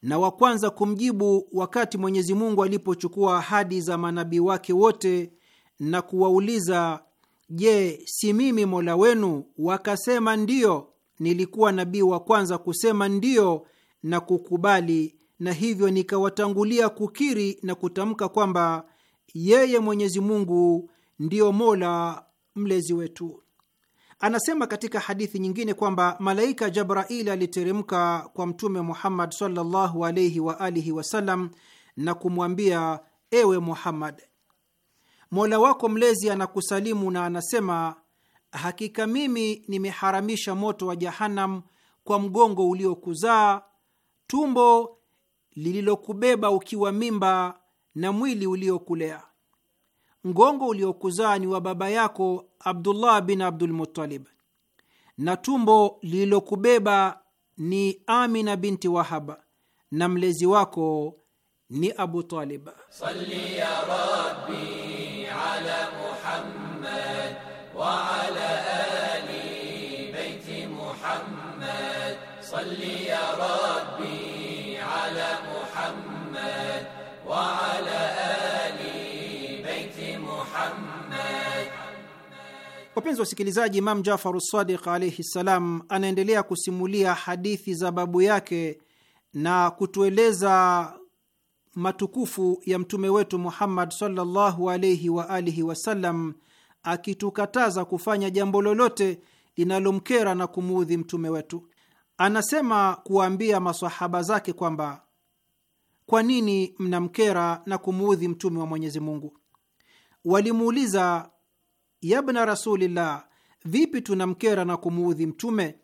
na wa kwanza kumjibu wakati Mwenyezi Mungu alipochukua ahadi za manabii wake wote na kuwauliza, je, si mimi Mola wenu? Wakasema ndiyo. Nilikuwa nabii wa kwanza kusema ndiyo na kukubali na hivyo nikawatangulia kukiri na kutamka kwamba yeye Mwenyezi Mungu ndiyo Mola mlezi wetu. Anasema katika hadithi nyingine kwamba malaika Jabrail aliteremka kwa Mtume Muhammad sallallahu wa alihi wasallam na kumwambia, ewe Muhammad, Mola wako mlezi anakusalimu na anasema, hakika mimi nimeharamisha moto wa Jahanam kwa mgongo uliokuzaa, tumbo lililokubeba ukiwa mimba na mwili uliokulea. Ngongo uliokuzaa ni wa baba yako Abdullah bin Abdulmuttalib, na tumbo lililokubeba ni Amina binti wahab na mlezi wako ni Abu Talib. Salli ya Rabbi ala Muhammad wa Wapenzi wa wasikilizaji, Imam Jafar Sadiq alaihi ssalam anaendelea kusimulia hadithi za babu yake na kutueleza matukufu ya mtume wetu Muhammad sallallahu alaihi wa alihi wasallam, akitukataza kufanya jambo lolote linalomkera na kumuudhi mtume wetu. Anasema kuwaambia masahaba zake kwamba kwa nini mnamkera na kumuudhi mtume wa Mwenyezi Mungu? Walimuuliza, yabna rasulillah, vipi tunamkera na kumuudhi Mtume?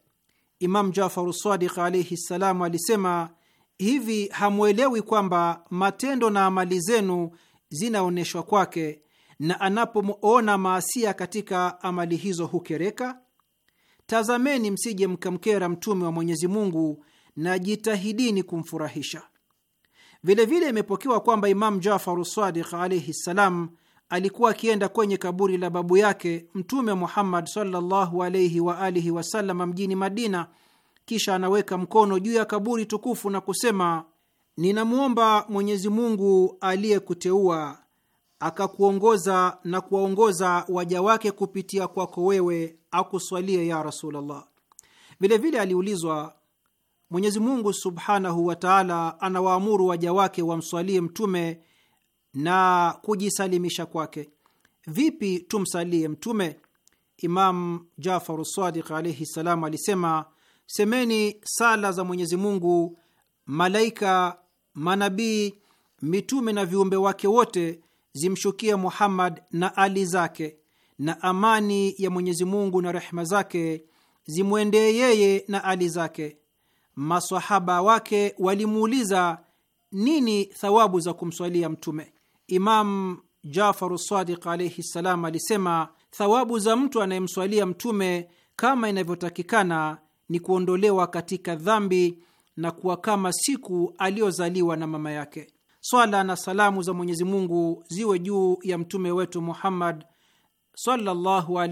Imam Jafaru Sadiq alaihi ssalam alisema hivi, hamwelewi kwamba matendo na amali zenu zinaonyeshwa kwake, na anapomwona maasia katika amali hizo hukereka? Tazameni msije mkamkera Mtume wa Mwenyezi Mungu na jitahidini kumfurahisha. Vilevile imepokewa kwamba Imamu Jafaru Sadiq alaihi ssalam alikuwa akienda kwenye kaburi la babu yake Mtume Muhammad sallallahu alaihi wa alihi wasallam mjini Madina, kisha anaweka mkono juu ya kaburi tukufu na kusema, ninamwomba Mwenyezi Mungu aliyekuteua akakuongoza na kuwaongoza waja wake kupitia kwako wewe, akuswalie ya Rasulullah. Vilevile aliulizwa, Mwenyezi Mungu subhanahu wa taala anawaamuru waja wake wamswalie Mtume na kujisalimisha kwake. Vipi tumsalie Mtume? Imam Jafaru Sadiq alaihi ssalam alisema, semeni sala za Mwenyezi Mungu, malaika, manabii, mitume na viumbe wake wote zimshukia Muhammad na ali zake, na amani ya Mwenyezi Mungu na rehma zake zimwendee yeye na ali zake. Masahaba wake walimuuliza, nini thawabu za kumswalia Mtume? Imam Jafaru Sadiq alaihi ssalam alisema, thawabu za mtu anayemswalia Mtume kama inavyotakikana ni kuondolewa katika dhambi na kuwa kama siku aliyozaliwa na mama yake. Swala na salamu za Mwenyezi Mungu ziwe juu ya mtume wetu Muhammad sallallahu wa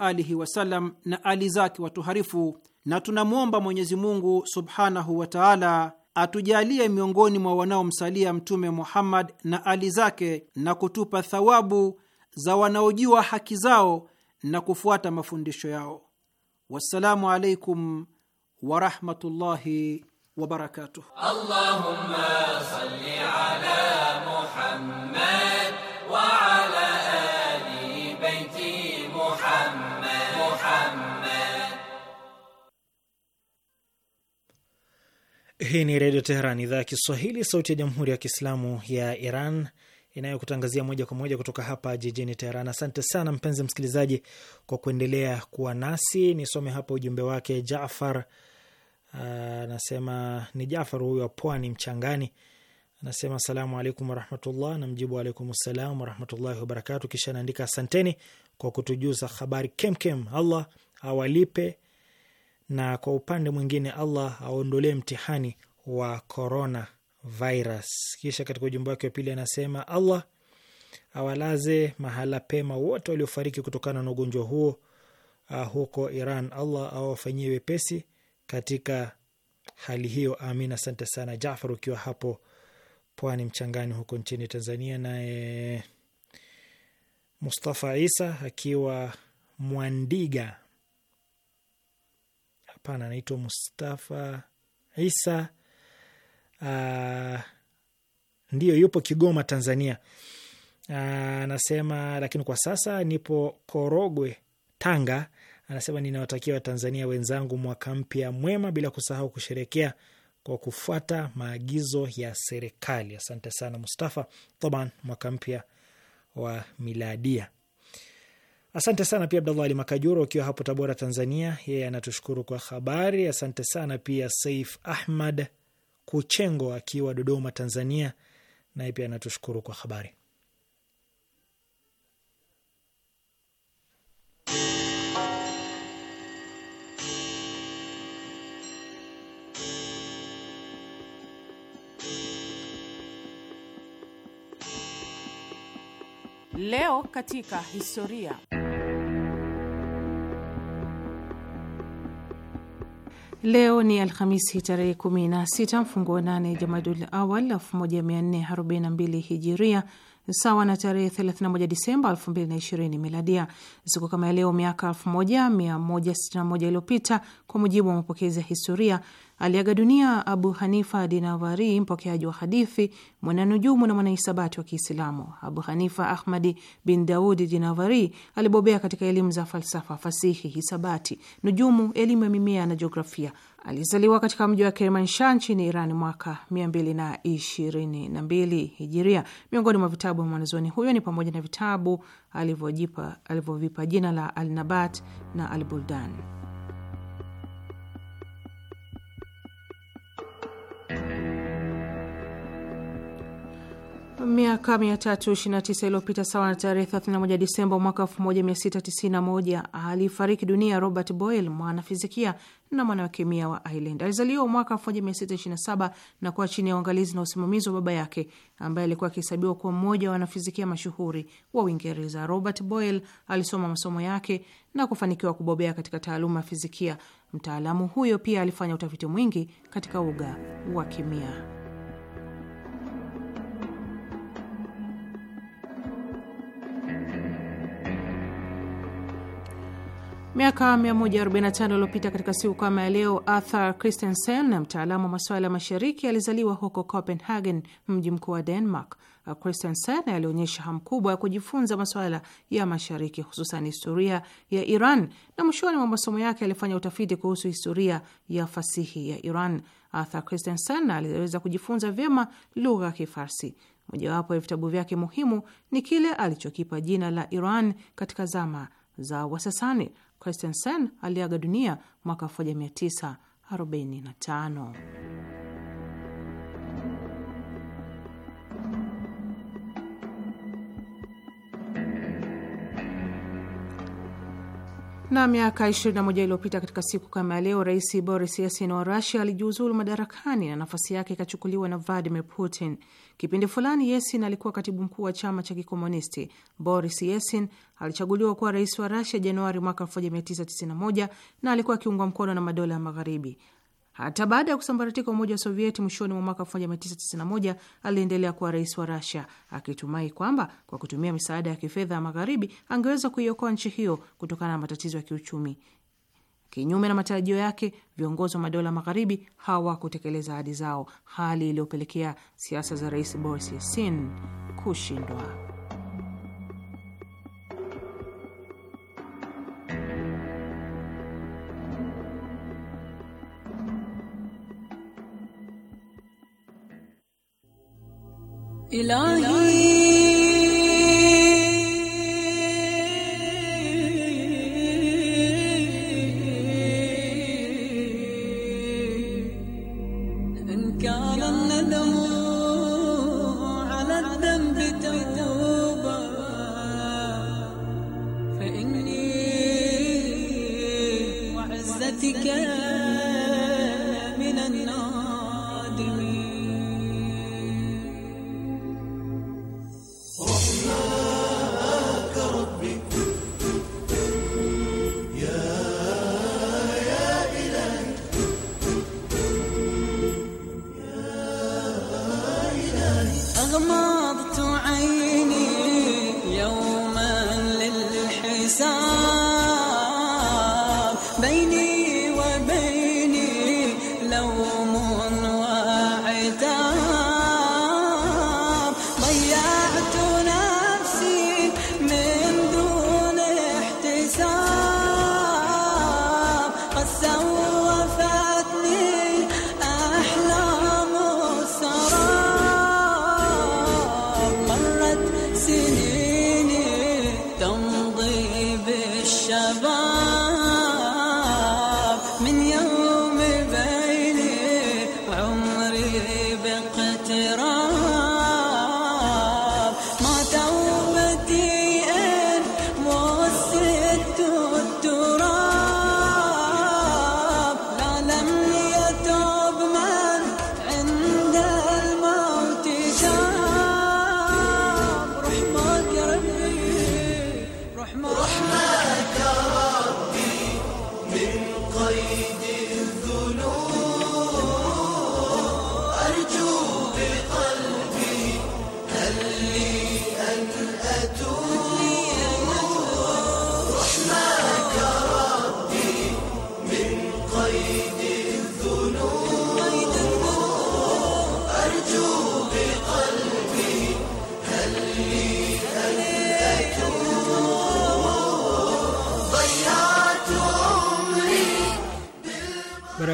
alihi wasallam na ali zake watuharifu, na tunamwomba Mwenyezi Mungu subhanahu wa taala atujalie miongoni mwa wanaomsalia Mtume Muhammad na ali zake na kutupa thawabu za wanaojua haki zao na kufuata mafundisho yao. Wassalamu alaikum warahmatullahi wabarakatuh. Allahumma salli ala Muhammad Hii ni Redio Teheran, idhaa ya Kiswahili, sauti ya Jamhuri ya Kiislamu ya Iran inayokutangazia moja kwa moja kutoka hapa jijini Teheran. Asante sana mpenzi msikilizaji kwa kuendelea kuwa nasi. Nisome hapa ujumbe wake Jafar. Ah, anasema ni Jafar huyu wa Pwani Mchangani, anasema asalamu alaikum warahmatullah, na mjibu alaikum salam warahmatullahi wabarakatu. Kisha anaandika asanteni kwa kutujuza habari kemkem, Allah awalipe na kwa upande mwingine Allah aondolee mtihani wa corona virus. Kisha katika ujumbe wake wa pili anasema Allah awalaze mahala pema wote waliofariki kutokana na ugonjwa huo uh, huko Iran. Allah awafanyie wepesi katika hali hiyo, amin. Asante sana Jafar, ukiwa hapo pwani Mchangani huko nchini Tanzania. Naye Mustafa Isa akiwa Mwandiga hapana, anaitwa Mustafa Isa. Uh, ah, ndiyo yupo Kigoma, Tanzania. Ah, anasema uh, lakini kwa sasa nipo Korogwe, Tanga. Anasema ninawatakia Watanzania wenzangu mwaka mpya mwema, bila kusahau kusherekea kwa kufuata maagizo ya serikali. Asante sana Mustafa Toban, mwaka mpya wa miladia. Asante sana pia Abdallah Ali Makajuro ukiwa hapo Tabora, Tanzania, yeye anatushukuru kwa habari. Asante sana pia Saif Ahmad Kuchengo akiwa Dodoma, Tanzania, naye pia anatushukuru kwa habari. Leo katika historia Leo ni Alhamisi tarehe 16 mfunguo 8 Jamadul Awal 1442 Hijiria, sawa na tarehe 31 Disemba 2020 Miladia. Siku kama ya leo miaka 1161 iliyopita, kwa mujibu wa mapokezi ya historia, Aliaga dunia Abu Hanifa Dinavari, mpokeaji wa hadithi, mwananujumu na mwanahisabati wa Kiislamu. Abu Hanifa Ahmadi bin Daudi Dinavari alibobea katika elimu za falsafa, fasihi, hisabati, nujumu, elimu ya mimea na jiografia. Alizaliwa katika mji wa Kermansha nchini Iran mwaka 222 Hijiria. Miongoni mwa vitabu vya mwanazoni huyo ni pamoja na vitabu alivyovipa jina la Alnabat na Albuldan. miaka 329 iliyopita sawa na tarehe 31 Disemba mwaka 1691 alifariki dunia Robert Boyle, mwanafizikia na mwanakemia wa Ireland. Alizaliwa mwaka 1627 na kuwa chini ya uangalizi na usimamizi wa baba yake ambaye alikuwa akihesabiwa kuwa mmoja wa wanafizikia mashuhuri wa Uingereza. Robert Boyle alisoma masomo yake na kufanikiwa kubobea katika taaluma ya fizikia. Mtaalamu huyo pia alifanya utafiti mwingi katika uga wa kemia. Miaka 145 iliyopita katika siku kama ya leo, Arthur Christensen na mtaalamu wa masuala ya mashariki alizaliwa huko Copenhagen, mji mkuu wa Denmark. Christensen alionyesha hamu kubwa ya kujifunza masuala ya mashariki, hususan historia ya Iran, na mwishoni mwa masomo yake alifanya utafiti kuhusu historia ya fasihi ya Iran. Arthur Christensen aliweza kujifunza vyema lugha ya Kifarsi. Mojawapo ya vitabu vyake muhimu ni kile alichokipa jina la Iran katika zama za Wasasani Christensen aliaga dunia mwaka 1945. Na miaka 21 iliyopita katika siku kama ya leo, Rais Boris Yeltsin wa Rusia alijiuzulu madarakani na nafasi yake ikachukuliwa na Vladimir Putin. Kipindi fulani, Yeltsin alikuwa katibu mkuu wa chama cha kikomunisti. Boris Yeltsin alichaguliwa kuwa rais wa Rusia Januari mwaka 1991 na alikuwa akiungwa mkono na madola ya Magharibi. Hata baada ya kusambaratika Umoja wa Sovieti mwishoni mwa mwaka 1991 aliendelea kuwa rais wa Rasia akitumai kwamba kwa kutumia misaada ya kifedha ya Magharibi angeweza kuiokoa nchi hiyo kutokana na matatizo ya kiuchumi. Kinyume na matarajio yake, viongozi wa madola magharibi hawakutekeleza ahadi zao, hali iliyopelekea siasa za rais Boris Yeltsin kushindwa. ilahi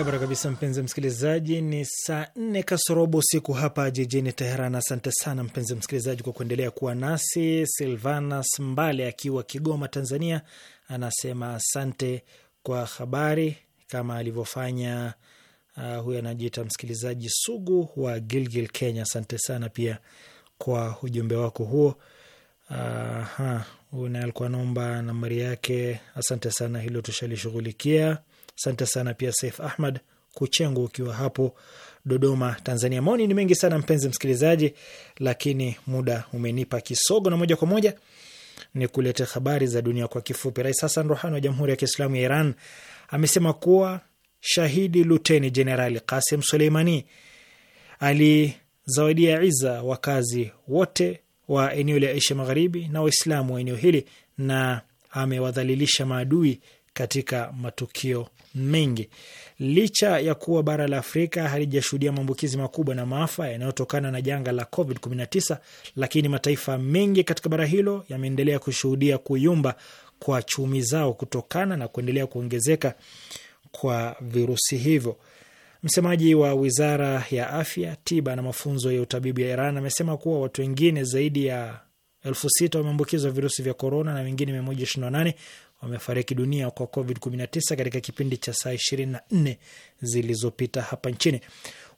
Barabara kabisa, mpenzi msikilizaji, ni saa nne kasorobo usiku hapa jijini Teheran. Asante sana mpenzi msikilizaji kwa kuendelea kuwa nasi. Silvanas Mbale akiwa Kigoma, Tanzania, anasema asante kwa habari, kama alivyofanya uh, huyo anajiita msikilizaji sugu wa Gilgil, Kenya. Asante sana pia kwa ujumbe wako huo. Huyu naye alikuwa naomba nambari yake. Asante sana, hilo tushalishughulikia. Asante sana pia Saif Ahmad Kuchengwa, ukiwa hapo Dodoma, Tanzania. Maoni ni mengi sana mpenzi msikilizaji, lakini muda umenipa kisogo, na moja kwa moja ni kulete habari za dunia kwa kifupi. Rais Hassan Rohani wa Jamhuri ya Kiislamu ya Iran amesema kuwa shahidi luteni jenerali Kasim Suleimani alizawadia iza wakazi wote wa eneo la Asia Magharibi na Waislamu wa eneo hili na amewadhalilisha maadui katika matukio mengi. Licha ya kuwa bara la Afrika halijashuhudia maambukizi makubwa na maafa yanayotokana na janga la COVID-19, lakini mataifa mengi katika bara hilo yameendelea kushuhudia kuyumba kwa chumi zao kutokana na kuendelea kuongezeka kwa virusi hivyo. Msemaji wa wizara ya afya, tiba na mafunzo ya utabibu ya Iran amesema kuwa watu wengine zaidi ya elfu sita wameambukizwa virusi vya korona na wengine mia moja ishirini na nane wamefariki dunia kwa COVID-19 katika kipindi cha saa 24 zilizopita hapa nchini.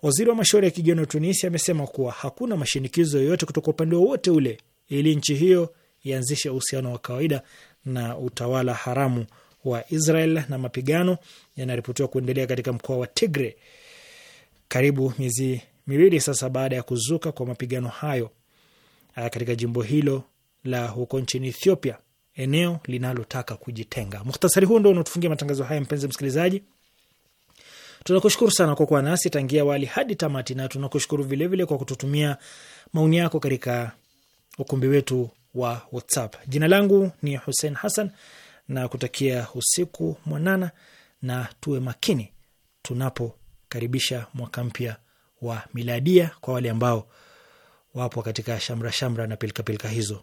Waziri wa mashauri ya kigeni wa Tunisia amesema kuwa hakuna mashinikizo yoyote kutoka upande wowote ule ili nchi hiyo ianzishe uhusiano wa kawaida na utawala haramu wa Israel, na mapigano yanaripotiwa kuendelea katika mkoa wa Tigre karibu miezi miwili sasa baada ya kuzuka kwa mapigano hayo ah, katika jimbo hilo la huko nchini Ethiopia eneo linalotaka kujitenga. Muhtasari huo ndo unatufungia matangazo haya. Mpenzi msikilizaji, tunakushukuru sana kwa kuwa nasi tangia wali hadi tamati, na tunakushukuru vilevile kwa kututumia maoni yako katika ukumbi wetu wa WhatsApp. Jina langu ni Hussein Hassan na kutakia usiku mwanana, na tuwe makini tunapokaribisha mwaka mpya wa miladia, kwa wale ambao wapo katika shamra shamra na pilika pilika hizo.